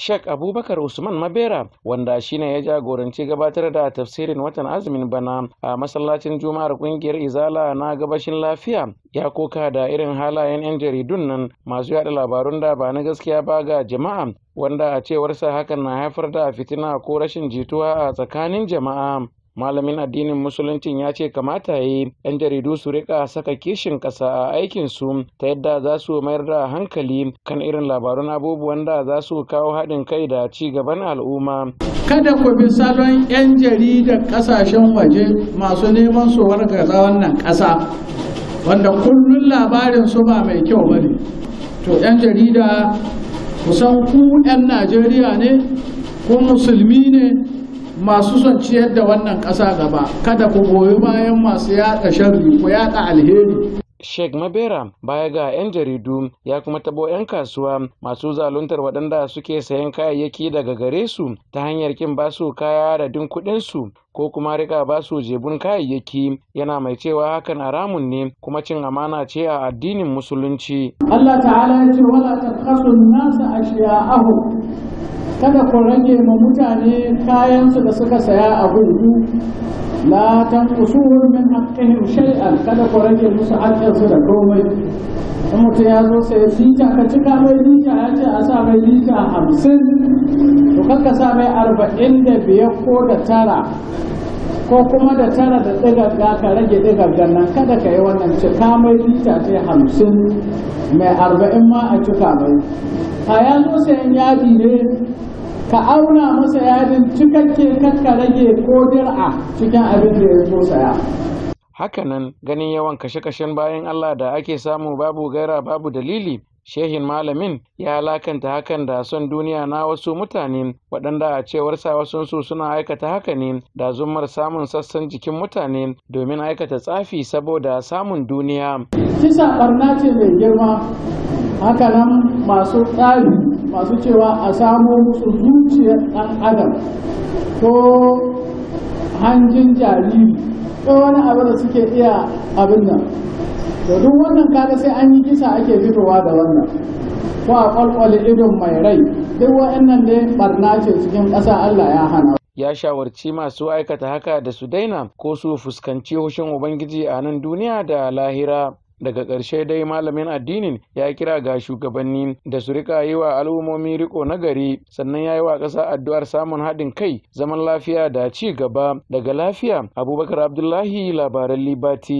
Sheikh Abubakar Usman Mabera wanda shine ya jagoranci gabatar da tafsirin watan azumin bana a masallacin Juma'ar kungiyar Izala na gabashin lafiya ya koka da irin halayen 'yan jaridun nan masu yada labarun da ba na gaskiya ba ga jama'a wanda a cewarsa hakan na haifar da fitina ko rashin jituwa a tsakanin jama'a. malamin addinin musuluncin ya ce kamata yi 'yan jaridu su rika saka kishin ƙasa a aikin su ta yadda za su mayar da hankali kan irin labarun abubuwan da za su kawo haɗin kai da ci gaban al'umma kada ku bi salon 'yan jaridar ƙasashen waje masu neman su wargaza wannan ƙasa wanda kullum labarin su ba mai kyau ba ne to 'yan jarida kusan ku 'yan najeriya ne ko musulmi ne masu son ciyar da wannan ƙasa gaba kada ku goyi bayan masu yaɗa sharri ku yaɗa alheri Sheikh Mabera baya ga 'yan jaridu ya kuma tabo 'yan kasuwa masu zaluntar waɗanda suke sayan kayayyaki daga gare su ta hanyar kin basu kaya da din kuɗinsu ko kuma rika su jebun kayayyaki yana mai cewa hakan haramun ne kuma cin amana ce a addinin musulunci. Allah ta'ala ya ce wala takhasu nasa ashiya'ahu kada ku rage ma mutane kayansu da suka saya a gungu la tanqusuhu min haqqihim shay'an kada ku rage musu su da komai in mutum ya zo sai ka cika mai lita ya ce a sa mai lita hamsin to kanka sa mai arba'in da biyar ko da tara ko kuma da tara da tsigarga ka rage tsigargar nan kada ka yi wannan cika mai lita ce hamsin mai arba'in ma a cika mai a ya zo sayan yadi ne ka auna masa yadin cikakke ka rage ko dir'a cikin abin da ya zo saya hakanan ganin yawan kashe-kashen bayan Allah da ake samu babu gaira babu dalili Shehin malamin ya alakanta hakan da son duniya na wasu mutane waɗanda a cewar sa wasunsu suna aikata haka ne da zumar samun sassan jikin mutane domin aikata tsafi saboda samun duniya. Kisa barna ce mai girma hakanan masu tsari masu cewa a samo su zuciyar ɗan adam ko hanjin jariri ko wani abu da suke iya abin nan to duk wannan kada sai an yi kisa ake fitowa da wannan ko a kwalkwale idon mai rai duk wa'annan ne barna ce cikin ƙasa Allah ya hana ya shawarci masu aikata haka da su daina ko su fuskanci hushin ubangiji a nan duniya da lahira daga ƙarshe dai malamin addinin ya kira ga shugabanni da su rika yi wa al'ummomi riko na gari sannan ya yi wa ƙasa addu'ar samun haɗin kai zaman lafiya da ci gaba daga lafiya abubakar abdullahi labaran libati